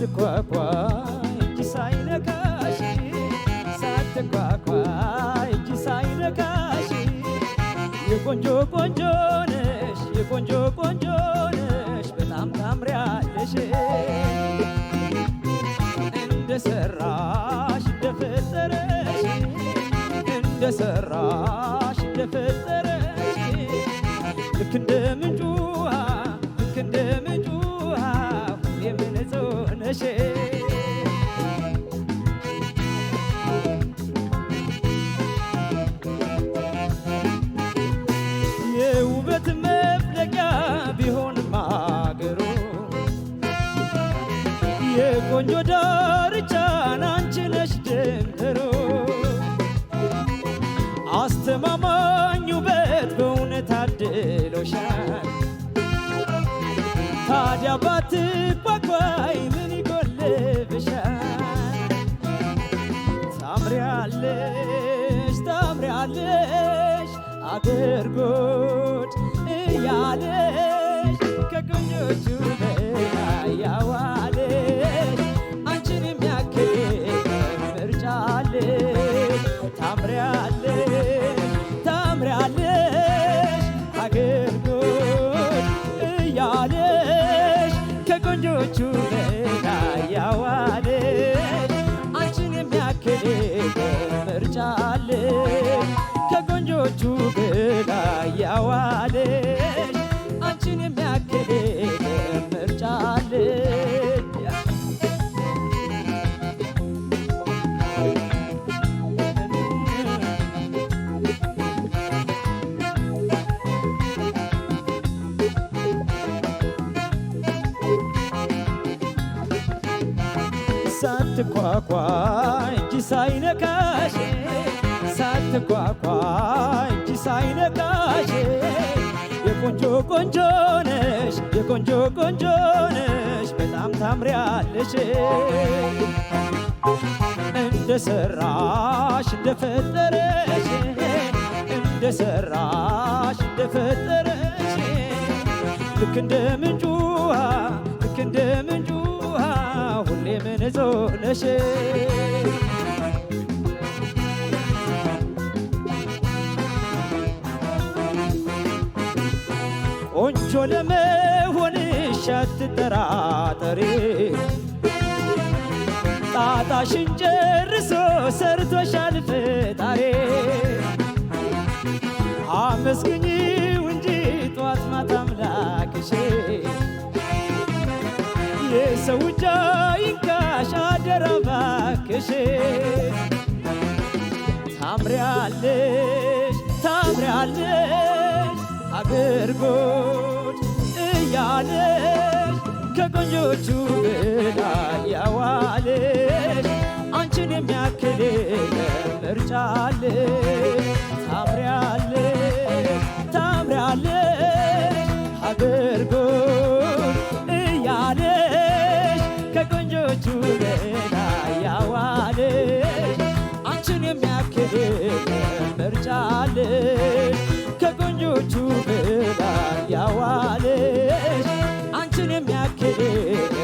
ሳትኳኳ እጅ እጅ ሳይነካሽ የቆንጆ ቆንጆ ነሽ የቆንጆ ቆንጆ ነሽ በጣም ታምሪያለሽ እንደፈጠረሽ እንደፈጠረሽ ልክ እንደምን ቢሆንም አገሩ የቆንጆ ዳርቻን አንቺ ነሽ ድንበሩ አስተማማኝ ውበት በእውነት አድሎሻል። ታዲያ ባትጓጓይ ምን ይጎልብሻል? ታምሪያለሽ ታምሪያለሽ አገር ጎድ እያለሽ would you ሳትኳኳ እጅ ሳይነካሽ ሳትኳኳ እጅ ሳይነካሽ የቆንጆ ቆንጆ ነሽ የቆንጆ ቆንጆ ነሽ በጣም ታምሪያለሽ እንደ ሰራሽ እንደ ፈጠረሽ እንደ ሰራሽ እንደ ፈጠረሽ ልክ እንደ ምንጩ ነሽ ቆንጆ ለመሆንሽ አትጠራጠሪ ጣጣሽን ጨርሶ ሰርቶሻል ፈጣሪ አመስግኝ እያለን አገር ጎድ ከቆንጆቹ ገላ ያዋለን አንቺን የሚያ ነፍስን የሚያክል